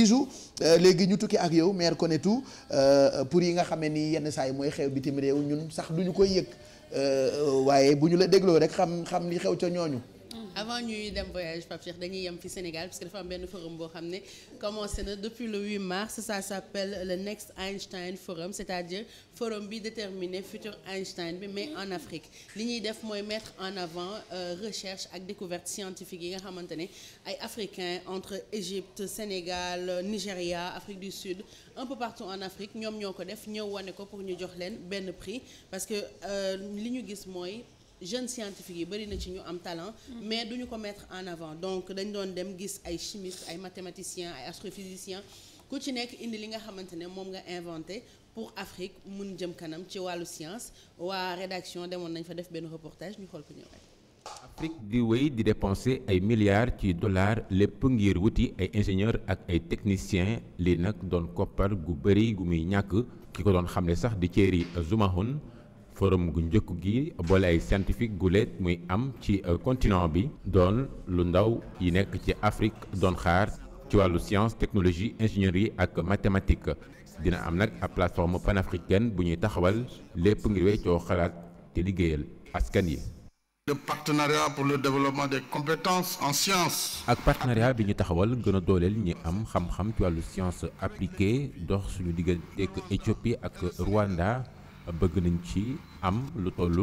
Bijou euh, léegi ñu tukki ak yow maire connaît tout euh, pour yi nga xam ne ni yenn saa yi mooy xew bitim réew ñun sax duñu koy yëg euh, waaye bu ñu la dégloo rek xam xam li xew ca ñooñu avant ñuy dem voyage Pape Cheikh dañuy yem fi Sénégal parce que dafa benn forum boo xam ne commencé na depuis le 8 mars ça s'appelle le Next Einstein Forum c'est-à-dire forum bi déterminer futur Einstein bi mais en Afrique li ñuy def mooy mettre en avant euh, recherche ak découverte scientifique yi nga xamante ne ay africain entre Égypte Sénégal Nigéria Afrique du Sud un peu partout en Afrique ñoom ñoo ko def ñëw wane ko pour ñu jox leen benn prix parce que euh, li ñu gis mooy jeune scientifique yi bëri na ci ñu am talent mm-hmm. mais duñu ko mettre en avant donc dañ doon dem gis ay chimiste ay mathématicien ay astrophysicien ku ci nekk indi li nga xamante ne moom nga inventé pour Afrique mun jëm kanam ci wàllu science waa rédaction demoon nañ fa def benn reportage ñu xool ko ñëwaat. Afrique di wéy di dépenser ay milliards ci dollars lépp ngir wuti ay ingénieurs ak ay techniciens lii nag doon koppar gu bëri gu muy ñàkk ki ko doon xamle sax di Thierry Zoumahun forum gu njëkk gi boole ay scientifique guléet muy am ci euh, continent bi doon lu ndaw yi nekk ci Afrique doon xaar ci wàllu science technologie ingénieur yi ak mathématique dina am nag ab plateforme panafricaine bu ñuy taxawal lépp ngir weccoo xalaat te liggéeyal askan yi. de partenariat pour le développement des compétences en sciences. ak partenariat bi ñu taxawal gën a dooleel ñi am xam-xam ci wàllu science appliquée dox suñu digganteeg Éthiopie ak Rwanda. bëgg nañ ci am lu toll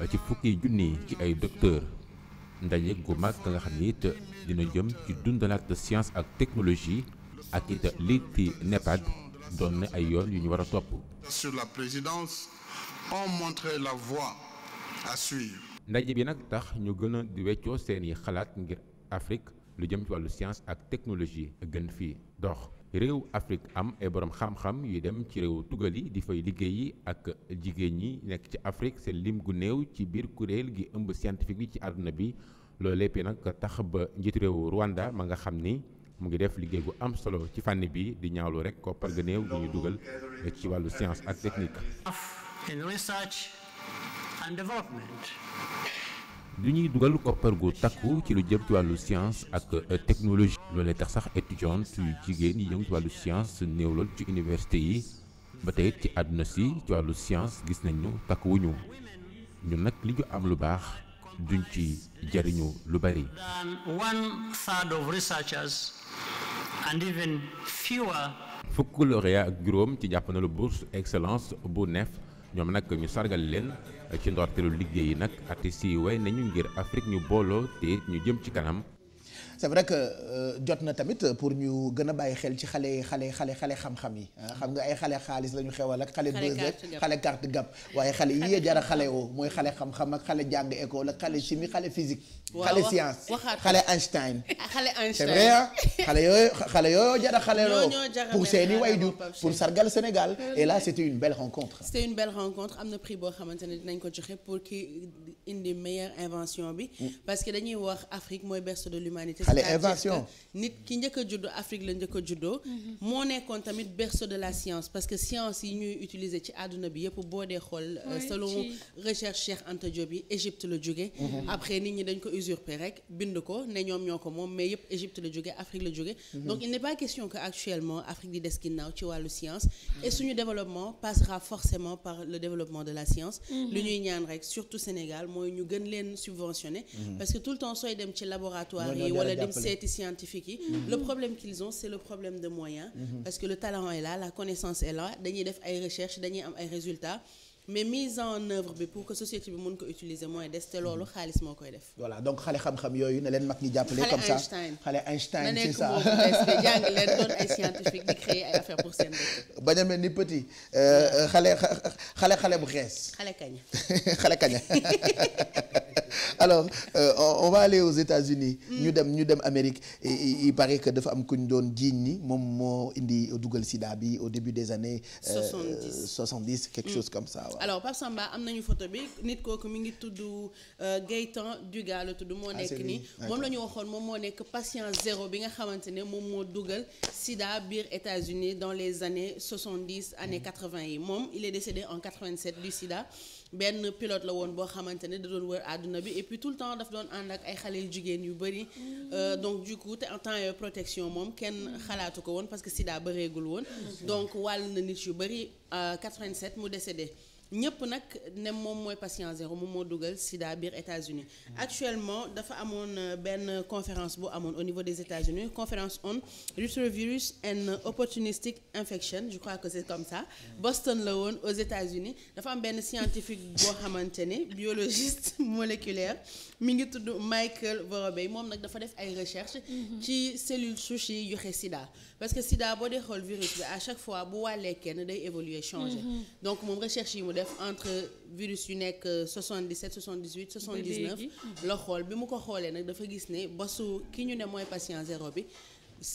euh, ci fukki junni ci ay docteur ndaje gu mag nga xam ni it dina jëm ci dundalaat science ak technologie ak it lii ci NEPAD doon na ay yoon yu ñu war a topp. sur la présidence ont montré la voie ndaje bi nag tax ñu gën a di weccoo seeni xalaat ngir Afrique lu jëm ci wàllu science ak technologie gën fii dox. réew Afrique am ay borom xam-xam yuy dem ci réew tugal yi di fay liggéeyi ak jigéen ñi nekk ci Afrique seen lim gu néew ci biir kuréel gi ëmb scientifique bi ci àdduna bi loolu lépp nag tax ba njiitu réew Rwanda ma nga xam ni mu ngi def liggéey gu am solo ci fànn bi di ñaawlu rek koppar ga néew gu ñu dugal ci wàllu science ak technique. lu ñuy dugal koppar gu takku ci lu jëm ci wàllu science ak euh, technologie loolee tax sax étudiante yu jigéen yi yëngu ci wàllu science néew lool ci université yi ba tey ci àdduna si ci wàllu science gis nañu takkuwuñu ñu nag li ñu am lu baax duñ ci jariñu lu bari. one third of fukk lauréat ak juróom ci jàppandalu bourse excellence bu neef. ñoom nag ñu sargal leen ci ndorteelu liggéey yi nag artistes yi way nañu ngir Afrique ñu booloo te ñu jëm ci kanam c'est vrai que euh, jot na tamit pour ñu gën a bàyyi xel ci xale xale xale xale xam-xam yi ah, xam nga ay xale xaalis la ñu xewal ak xale bës rek xale carte gab waaye xale yi jara xale woo mooy xale xam-xam ak xale jàng école ak xale chimie xale physique xale science xale Einstein ah, xale Einstein c'est vrai ah? xale yooyu xale jara pour seeni wayjur pour sargal Sénégal et là c'était une belle rencontre c'était une belle rencontre am na prix boo xamante ne dinañ ko joxe pour bi mm. parce que dañuy wax Afrique allez invention nit ki njëkk a juddoo Afrique la njëkk a juddoo mhm. moo nekkoon tamit berceau de la science parce que science yi ñuy utiliser ci àdduna bi yëpp boo dee xool euh, selon recherche Cheikh Anta Diop yi Égypte la jóge mhm. après nit ñi dañ ko usurper rek bind ko ne ñoom ñoo ko moom mais yëpp Égypte la jóge Afrique la jóge mhm. donc il n'est pas question que actuellement Afrique di des ginnaaw ci wàllu science et suñu développement passera forcément par le développement de la science lu ñuy ñaan rek surtout Sénégal mooy ñu gën leen subventionner dem seeti scientifique yi mm-hmm. le problème qu'ils ont c'est le problème de moyens mm-hmm. parce que le talent est là la connaissance est là dañuy def ay recherche dañuy am ay résultats mais mise en œuvre bi pour que société bi mën ko utiliser mooy des te loolu mm-hmm. xaalis moo koy def. voilà donc xale xam-xam yooyu na leen mag ñi jàppale. comme ça xale Einstein c'est ça jàng leen doon ay scientifique di créer ay affaire pour seen dëkk. bañ a ni petit euh, xale xale alors euh, on, on va aller aux États-Unis ñu dem ñu dem Amérique il paraît que dafa am ku ñu doon jiiñ ni moom moo indi dugal sida bi au début des années. Euh, 70 70 quelque mm. chose comme ça waaw. alors Pape Samba am nañu photo bi nit kooku mu ngi tudd euh, Gaëtan Duga la tudd moo ah, nekk nii moom la ñu waxoon moom moo nekk patient zéro bi nga xamante ne moom moo dugal sida biir États-Unis dans les années 70 années 80 mm. yi moom il est décédé en 87 du sida benn pilote bi et tout le temps daf doon ànd ak ay xale yu jigéen yu bëri. Euh, donc du coup te en temps yooyu protection moom kenn xalaatu ko woon parce que sida bëreegul woon. Mm. donc wàll na nit yu bëri. 87 euh, mu décédé ñëpp nag ne moom mooy patient zéro moom moo dugal sida biir États-Unis actuellement dafa amoon euh, benn conférence bu amoon au niveau des États-Unis conférence on retrovirus and opportunistic infection je crois que c'est comme ça Boston la woon aux États-Unis dafa am benn scientifique boo xamante ni biologiste moléculaire mi ngi tudd Michael Vorobey moom nag dafa def ay recherche mm-hmm. ci cellules souches yi joxe sida parce que sida boo dee xol virus bi à chaque fois bu wàllee kenn day évoluer day changé. Mhm. donc moom recherche yi mu def entre virus yu nekk 77 78 79. la xool bi mu ko xoolee nag dafa gis ne bosu ki ñu ne mooy patient zéro bi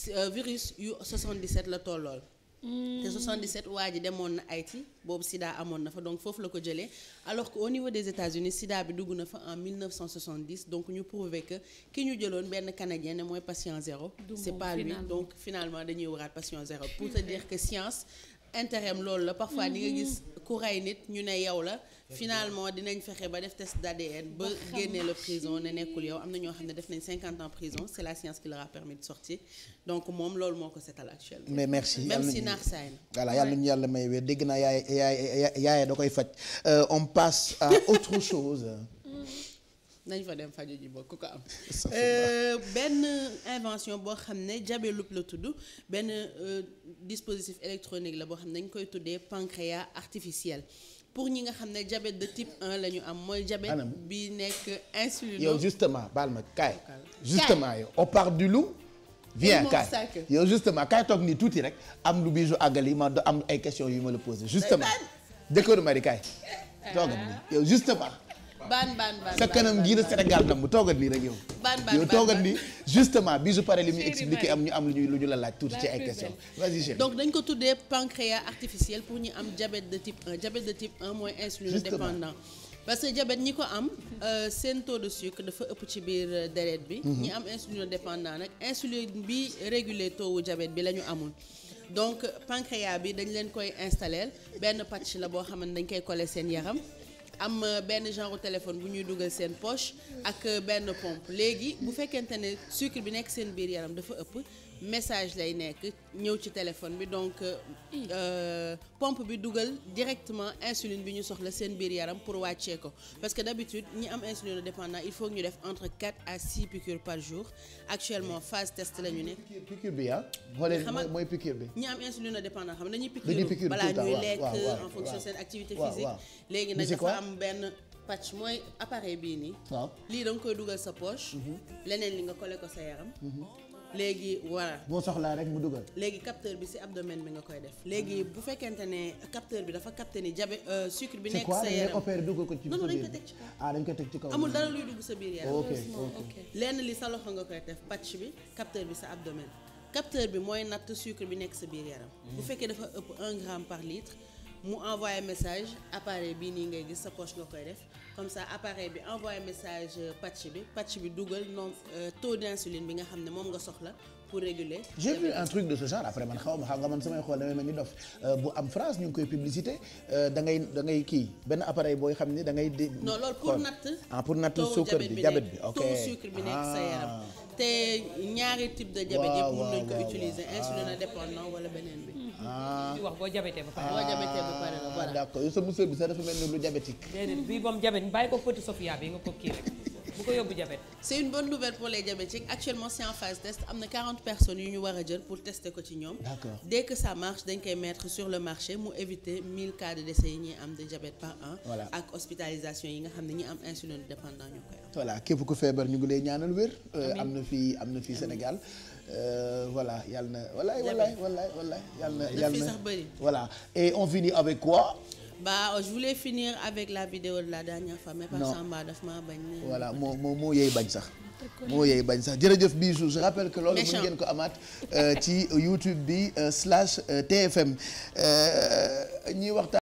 euh, virus yu 77 la tollool. Mm. te 77 waa ji demoon na Haïti boobu Sida amoon na fa donc foofu la ko jëlee alors que au niveau des États-Unis Sida bi dugg na fa en 1970 donc ñu prouvé que ki ñu jëloon benn canadien ne mooy patient zéro. c'est pas lui donc finalement dañuy waraat patient zéro pour te dire que science. intérêt loolu la parfois di nga mhm. gis ku nit ñu ne yow la finalement dinañ fexe ba def test d'ADN ba génnee la prison ne nekkul yow am na ñoo xam ne def nañ cinquante ans prison c'est la science qui leur permis de sortir donc moom loolu moo ko setal actuellement mais merci même si naax saay na voilà yàlla ñu yàlla may wér dégg naa yaay yaay yaaye da koy faj euh, on passe à autre chose nañ fa dem faju ji bokk ko am. Euh, benn invention boo xam ne jabelup la tudd benn euh, dispositif électronique la boo xam ne dañ koy tuddee pancréas artificiel pour ñi nga xam ne diabète de type 1 lañu am mooy diabète bi nekk insulino yow justement baal ma kaay justement yow on part du loup viens kaay yow justement kaay toog nii tuuti rek am lu bijou àggali ma am ay questions yu ma la posé justement jëkkëru Marie kaay toogal yow justement baan baan baan sa kanam gii la Sénégal namm toogat nii rek yow. baan baan toogat nii justement bi su paree li muy expliqué am ñu am lu ñu la laaj tuuti ci ay questions. donc dañ ko tuddee pancréas artificiel pour ñu am diabète de type 1 diabète de type 1 mooy insuline dépendant. parce que jabet ñi ko am euh, seen taux de sucre dafa ëpp ci biir euh, deret bi. Mhm. ñi am insuline dépendant nag insuline bi réguler taux jabet bi la ñu amul. donc pancréas bi dañ leen koy installer benn patch la boo xam ne dañ koy coller seen yaram. am euh, benn genre téléphone bu ñuy dugal seen poche ak euh, benn pompe léegi bu fekkente ne sucre bi nekk seen biir yaram dafa ëpp message lay nekk ñëw ci téléphone bi donc euh, euh, pompe bi dugal directement insuline bi ñu soxla seen biir yaram pour wàccee ko parce que d'habitude ñi am insuline dépendant il faut ñu def entre 4 à 6 piqûres par jour actuellement phase test la ñu ne. piqûre bi ah. mooy piqûre bi. ñi am insuline dépendant xam dañuy piqûre. dañuy activité physique am benn patch mooy appareil bii nii. waaw lii da nga koy dugal sa poche. Mhm. leneen li nga kole ko sa yaram. Mhm. léegi voilà. boo soxlaa rek mu dugal. léegi capteur bi ci abdomen bi nga koy def. léegi mhm. bu fekkente ne capteur bi dafa capté ni jabe euh, sucre bi nekk sa yaram. dugg ko ci biir non non dañ ko teg ci ah, ko teg sa biir lenn li sa loxo nga koy def patch bi capteur bi sa abdomen capteur bi mooy natt sucre bi nekk sa biir yaram. bu fekkee dafa ëpp 1 gramme par litre. mu envoyé message appareil bii nii ngay gis sa poche nga koy def comme ça appareil bi envoyé message euh, patch bi patch bi dugal non euh, taux de d'insuline bi nga xam ne moom nga soxla pour réguler. j'ai vu un truc de ce genre après man xaw ma xam nga man samay xool damay mel ni dof euh, bu am France ñu ngi koy publicité dangay ngay da ngay kii benn appareil booy xam ne dangay ngay. non loolu pour natt. Ah, pour natt suukar bi diabète bi ok taux sucre bi nekk sa yaram. Ah. te ñaari type de diabète yëpp mën nañ ko utiliser insuline indépendant wala beneen bi. Ah. di wax boo diabétee ba pare. boo diabétee ba pare la voilà. Ah, d'accord yow sa monsieur bi sax dafa mel ni lu diabétique. déedéet bii moom diabète bàyyi ko petit Sofia bi nga ko kii rek. bu ko yóbbu diabète. c'est une bonne nouvelle pour les diabétiques actuellement c'est en phase test am na 40 personnes yu ñu war a jël pour tester ko ci ñoom. d'accord dès que ça marche dañ koy mettre sur le marché mu éviter 1000 cas de décès yi ñuy am de diabète par an. ak hospitalisation yi nga xam ne ñi am insuline dépendant ñu koy am. voilà képp ku feebar ñu ngi lay ñaanal wér. Euh, am na fii am na fii Sénégal. Euh, voilà yàlla na. walaay walaay walaay walaay yàlla na yàlla na. voilà et on finit avec quoi. Bah, euh, je voulais finir avec la vidéo de la dernière fois mais. non Samba daf maa bañ. Euh. voilà moo moo moo yey bañ sax. moo yey bañ sax jërëjëf Bijou je rappelle que loolu. mën ngeen ko amaat euh, ci YouTube bi slash TFM ñi waxtaan.